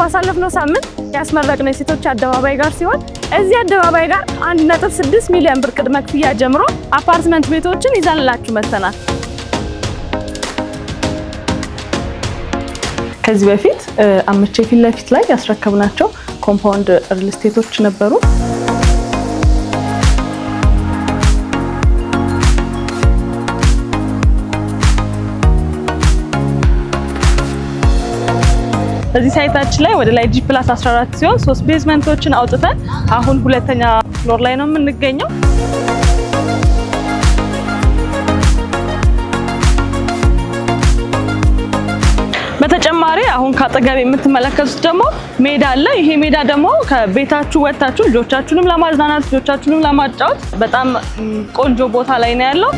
ባሳለፍነው ሳምንት ያስመረቅነው የሴቶች አደባባይ ጋር ሲሆን እዚህ አደባባይ ጋር 1.6 ሚሊዮን ብር ቅድመ ክፍያ ጀምሮ አፓርትመንት ቤቶችን ይዘንላችሁ መጥተናል። ከዚህ በፊት አምቼ ፊት ለፊት ላይ ያስረከብናቸው ኮምፓውንድ ሪልስቴቶች ነበሩ። እዚህ ሳይታችን ላይ ወደ ላይ ጂ ፕላስ 14 ሲሆን ሶስት ቤዝመንቶችን አውጥተን አሁን ሁለተኛ ፍሎር ላይ ነው የምንገኘው። በተጨማሪ አሁን ከአጠገብ የምትመለከቱት ደግሞ ሜዳ አለ። ይሄ ሜዳ ደግሞ ከቤታችሁ ወጥታችሁ ልጆቻችሁንም ለማዝናናት ልጆቻችሁንም ለማጫወት በጣም ቆንጆ ቦታ ላይ ነው ያለው።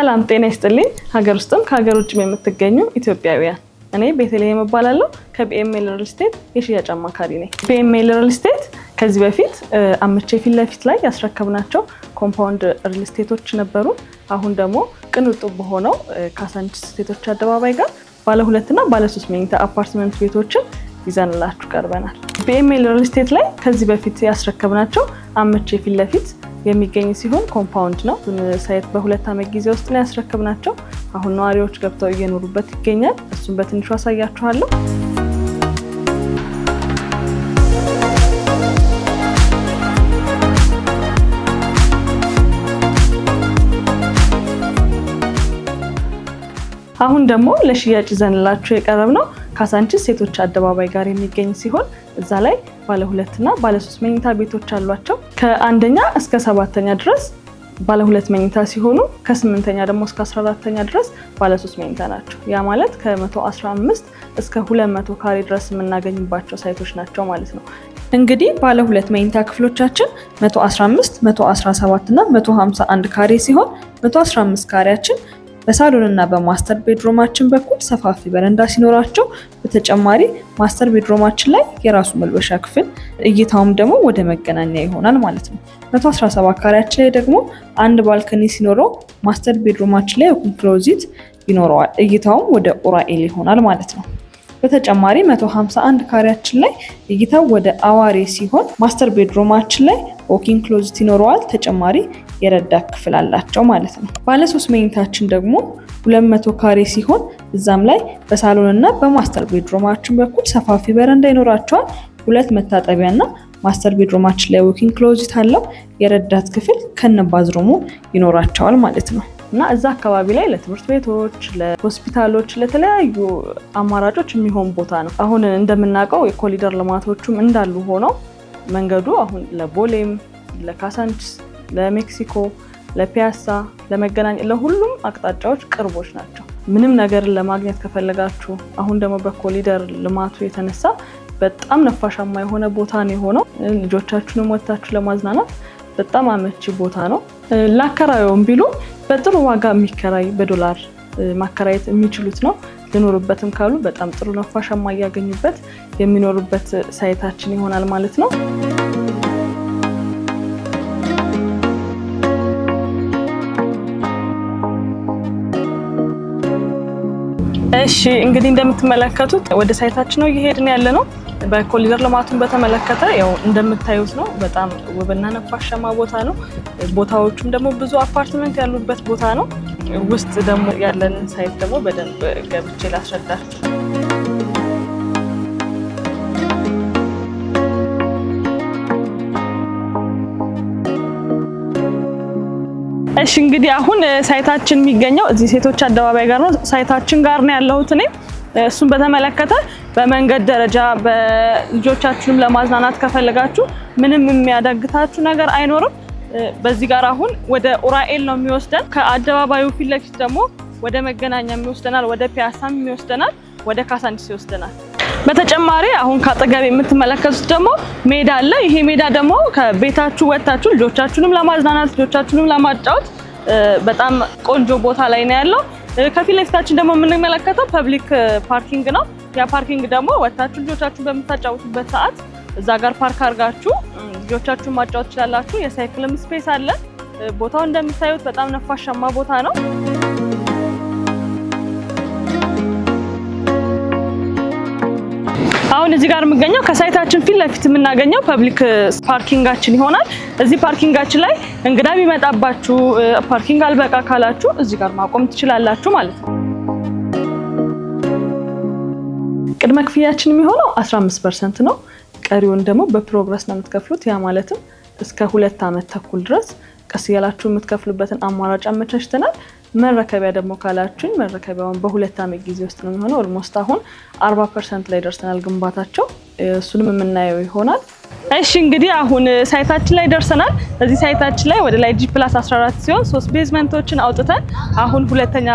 ሰላም ጤና ይስጥልኝ። ሀገር ውስጥም ከሀገር ውጭም የምትገኙ ኢትዮጵያውያን፣ እኔ ቤተልሔም እባላለሁ ከቢኤምኤል ሪል ስቴት የሽያጭ አማካሪ ነኝ። ቢኤምኤል ሪል ስቴት ከዚህ በፊት አመቼ ፊት ለፊት ላይ ያስረከብናቸው ኮምፓውንድ ሪል ስቴቶች ነበሩ። አሁን ደግሞ ቅንጡ በሆነው ካዛንችስ ስቴቶች አደባባይ ጋር ባለ ሁለትና ባለ ሶስት መኝታ አፓርትመንት ቤቶችን ይዘንላችሁ ቀርበናል። ቢኤምኤል ሪል ስቴት ላይ ከዚህ በፊት ያስረከብናቸው አመቼ ፊት ለፊት የሚገኝ ሲሆን ኮምፓውንድ ነው። ሳይት በሁለት ዓመት ጊዜ ውስጥ ነው ያስረክብናቸው። አሁን ነዋሪዎች ገብተው እየኖሩበት ይገኛል። እሱም በትንሹ አሳያችኋለሁ። አሁን ደግሞ ለሽያጭ ዘንላችሁ የቀረብ ነው ካሳንቺስ ሴቶች አደባባይ ጋር የሚገኝ ሲሆን እዛ ላይ ባለ ሁለትና ባለ ሶስት መኝታ ቤቶች አሏቸው። ከአንደኛ እስከ ሰባተኛ ድረስ ባለ ሁለት መኝታ ሲሆኑ ከስምንተኛ ደግሞ እስከ 14ተኛ ድረስ ባለ ሶስት መኝታ ናቸው። ያ ማለት ከ115 እስከ 200 ካሬ ድረስ የምናገኝባቸው ሳይቶች ናቸው ማለት ነው። እንግዲህ ባለ ሁለት መኝታ ክፍሎቻችን 115፣ 117 እና 151 ካሬ ሲሆን 115 ካሬያችን በሳሎንና በማስተር ቤድሮማችን በኩል ሰፋፊ በረንዳ ሲኖራቸው በተጨማሪ ማስተር ቤድሮማችን ላይ የራሱ መልበሻ ክፍል እይታውም ደግሞ ወደ መገናኛ ይሆናል ማለት ነው። 117 ካሬያችን ላይ ደግሞ አንድ ባልከኒ ሲኖረው ማስተር ቤድሮማችን ላይ ኦፕን ክሎዚት ይኖረዋል። እይታውም ወደ ኡራኤል ይሆናል ማለት ነው። በተጨማሪ 151 ካሬያችን ላይ እይታው ወደ አዋሬ ሲሆን ማስተር ቤድሮማችን ላይ ዎኪንግ ክሎዝት ይኖረዋል። ተጨማሪ የረዳት ክፍል አላቸው ማለት ነው። ባለ ሶስት መኝታችን ደግሞ 200 ካሬ ሲሆን እዛም ላይ በሳሎን እና በማስተር ቤድሮማችን በኩል ሰፋፊ በረንዳ ይኖራቸዋል። ሁለት መታጠቢያና ማስተር ቤድሮማችን ላይ ዎኪንግ ክሎዚት አለው። የረዳት ክፍል ከነ ባዝሩሙ ይኖራቸዋል ማለት ነው። እና እዛ አካባቢ ላይ ለትምህርት ቤቶች፣ ለሆስፒታሎች፣ ለተለያዩ አማራጮች የሚሆን ቦታ ነው። አሁን እንደምናውቀው የኮሊደር ልማቶቹም እንዳሉ ሆነው መንገዱ አሁን ለቦሌም፣ ለካሳንችስ፣ ለሜክሲኮ፣ ለፒያሳ፣ ለመገናኛ ለሁሉም አቅጣጫዎች ቅርቦች ናቸው። ምንም ነገርን ለማግኘት ከፈለጋችሁ አሁን ደግሞ በኮሊደር ልማቱ የተነሳ በጣም ነፋሻማ የሆነ ቦታ ነው የሆነው። ልጆቻችሁንም ወጥታችሁ ለማዝናናት በጣም አመቺ ቦታ ነው። ላከራየውም ቢሉ በጥሩ ዋጋ የሚከራይ በዶላር ማከራየት የሚችሉት ነው። ሊኖሩበትም ካሉ በጣም ጥሩ ነፋሻማ እያገኙበት የሚኖሩበት ሳይታችን ይሆናል ማለት ነው። እሺ እንግዲህ እንደምትመለከቱት ወደ ሳይታችን ነው እየሄድን ያለ ነው። በኮሊደር ልማቱን በተመለከተ ያው እንደምታዩት ነው። በጣም ውብና ነፋሻማ ቦታ ነው። ቦታዎቹም ደግሞ ብዙ አፓርትመንት ያሉበት ቦታ ነው። ውስጥ ደግሞ ያለን ሳይት ደግሞ በደንብ ገብቼ ላስረዳችሁ። እሺ እንግዲህ አሁን ሳይታችን የሚገኘው እዚህ ሴቶች አደባባይ ጋር ነው። ሳይታችን ጋር ነው ያለሁት እኔ እሱን በተመለከተ በመንገድ ደረጃ በልጆቻችሁንም ለማዝናናት ከፈለጋችሁ ምንም የሚያዳግታችሁ ነገር አይኖርም። በዚህ ጋር አሁን ወደ ኡራኤል ነው የሚወስደን። ከአደባባዩ ፊት ለፊት ደግሞ ወደ መገናኛ የሚወስደናል፣ ወደ ፒያሳም የሚወስደናል፣ ወደ ካሳንዲስ ይወስደናል። በተጨማሪ አሁን ከአጠገብ የምትመለከቱት ደግሞ ሜዳ አለ። ይሄ ሜዳ ደግሞ ከቤታችሁ ወጥታችሁ ልጆቻችሁንም ለማዝናናት ልጆቻችሁንም ለማጫወት በጣም ቆንጆ ቦታ ላይ ነው ያለው። ከፊት ለፊታችን ደግሞ የምንመለከተው ፐብሊክ ፓርኪንግ ነው። ያ ፓርኪንግ ደግሞ ወታችሁ ልጆቻችሁ በምታጫወቱበት ሰዓት እዛ ጋር ፓርክ አድርጋችሁ ልጆቻችሁን ማጫወት ትችላላችሁ። የሳይክልም ስፔስ አለ። ቦታው እንደምታዩት በጣም ነፋሻማ ቦታ ነው። አሁን እዚህ ጋር የምገኘው ከሳይታችን ፊት ለፊት የምናገኘው ፐብሊክ ፓርኪንጋችን ይሆናል። እዚህ ፓርኪንጋችን ላይ እንግዳ ቢመጣባችሁ ፓርኪንግ አልበቃ ካላችሁ እዚህ ጋር ማቆም ትችላላችሁ ማለት ነው። ቅድመ ክፍያችን የሚሆነው 15 ፐርሰንት ነው። ቀሪውን ደግሞ በፕሮግረስ ነው የምትከፍሉት። ያ ማለትም እስከ ሁለት ዓመት ተኩል ድረስ ቀስ እያላችሁ የምትከፍሉበትን አማራጭ አመቻችተናል። መረከቢያ ደግሞ ካላችሁኝ መረከቢያውን በሁለት ዓመት ጊዜ ውስጥ ነው የሚሆነው። ኦልሞስት አሁን 40 ፐርሰንት ላይ ደርሰናል ግንባታቸው። እሱንም የምናየው ይሆናል። እሺ እንግዲህ አሁን ሳይታችን ላይ ደርሰናል። እዚህ ሳይታችን ላይ ወደ ላይ ጂ ፕላስ 14 ሲሆን ሶስት ቤዝመንቶችን አውጥተን አሁን ሁለተኛ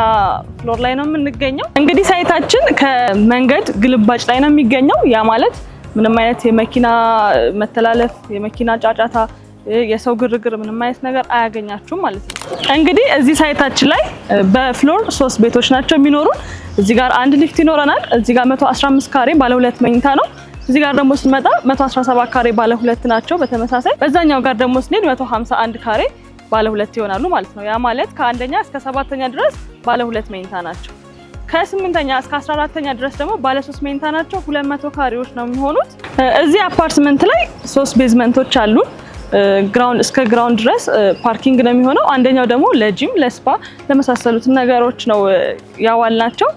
ፍሎር ላይ ነው የምንገኘው። እንግዲህ ሳይታችን ከመንገድ ግልባጭ ላይ ነው የሚገኘው። ያ ማለት ምንም አይነት የመኪና መተላለፍ፣ የመኪና ጫጫታ፣ የሰው ግርግር ምንም አይነት ነገር አያገኛችሁም ማለት ነው። እንግዲህ እዚህ ሳይታችን ላይ በፍሎር ሶስት ቤቶች ናቸው የሚኖሩን። እዚህ ጋር አንድ ሊፍት ይኖረናል። እዚህ ጋር 115 ካሬ ባለ ሁለት መኝታ ነው። እዚህ ጋር ደግሞ ስንመጣ 117 ካሬ ባለ ሁለት ናቸው። በተመሳሳይ በዛኛው ጋር ደግሞ ስንሄድ 151 ካሬ ባለ ሁለት ይሆናሉ ማለት ነው። ያ ማለት ከአንደኛ እስከ ሰባተኛ ድረስ ባለ ሁለት መኝታ ናቸው። ከስምንተኛ እስከ 14ተኛ ድረስ ደግሞ ባለ ሶስት መኝታ ናቸው። መቶ ካሬዎች ነው የሚሆኑት። እዚህ አፓርትመንት ላይ ሶስት ቤዝመንቶች አሉ። ግራውንድ እስከ ግራውንድ ድረስ ፓርኪንግ ነው የሚሆነው። አንደኛው ደግሞ ለጂም ለስፓ ለመሳሰሉት ነገሮች ነው ያዋል ናቸው።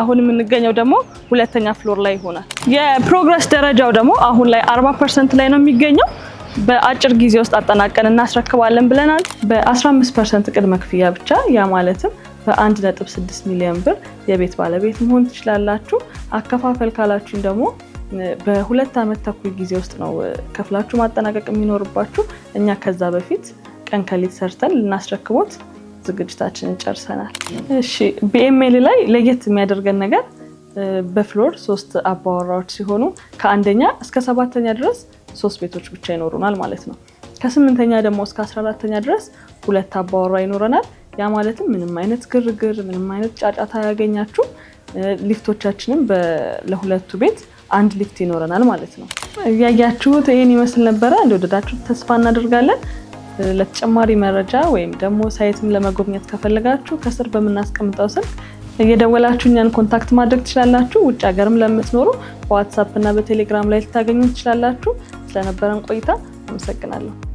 አሁን የምንገኘው ደግሞ ሁለተኛ ፍሎር ላይ ይሆናል። የፕሮግረስ ደረጃው ደግሞ አሁን ላይ 40 ፐርሰንት ላይ ነው የሚገኘው። በአጭር ጊዜ ውስጥ አጠናቀን እናስረክባለን ብለናል። በ15 ፐርሰንት ቅድመ ክፍያ ብቻ ያ ማለትም በ1.6 ሚሊዮን ብር የቤት ባለቤት መሆን ትችላላችሁ። አከፋፈል ካላችሁን ደግሞ በሁለት ዓመት ተኩል ጊዜ ውስጥ ነው ከፍላችሁ ማጠናቀቅ የሚኖርባችሁ። እኛ ከዛ በፊት ቀን ከሌት ሰርተን ልናስረክቦት ዝግጅታችንን ጨርሰናል። እሺ፣ ቢኤምኤል ላይ ለየት የሚያደርገን ነገር በፍሎር ሶስት አባወራዎች ሲሆኑ ከአንደኛ እስከ ሰባተኛ ድረስ ሶስት ቤቶች ብቻ ይኖሩናል ማለት ነው። ከስምንተኛ ደግሞ እስከ አስራ አራተኛ ድረስ ሁለት አባወራ ይኖረናል። ያ ማለትም ምንም አይነት ግርግር፣ ምንም አይነት ጫጫታ ያገኛችሁ ሊፍቶቻችንም ለሁለቱ ቤት አንድ ሊፍት ይኖረናል ማለት ነው። እያያችሁት ይህን ይመስል ነበረ። እንደወደዳችሁ ተስፋ እናደርጋለን። ለተጨማሪ መረጃ ወይም ደግሞ ሳይትም ለመጎብኘት ከፈለጋችሁ ከስር በምናስቀምጠው ስልክ እየደወላችሁ እኛን ኮንታክት ማድረግ ትችላላችሁ። ውጭ ሀገርም ለምትኖሩ በዋትሳፕ እና በቴሌግራም ላይ ልታገኙ ትችላላችሁ። ስለነበረን ቆይታ አመሰግናለሁ።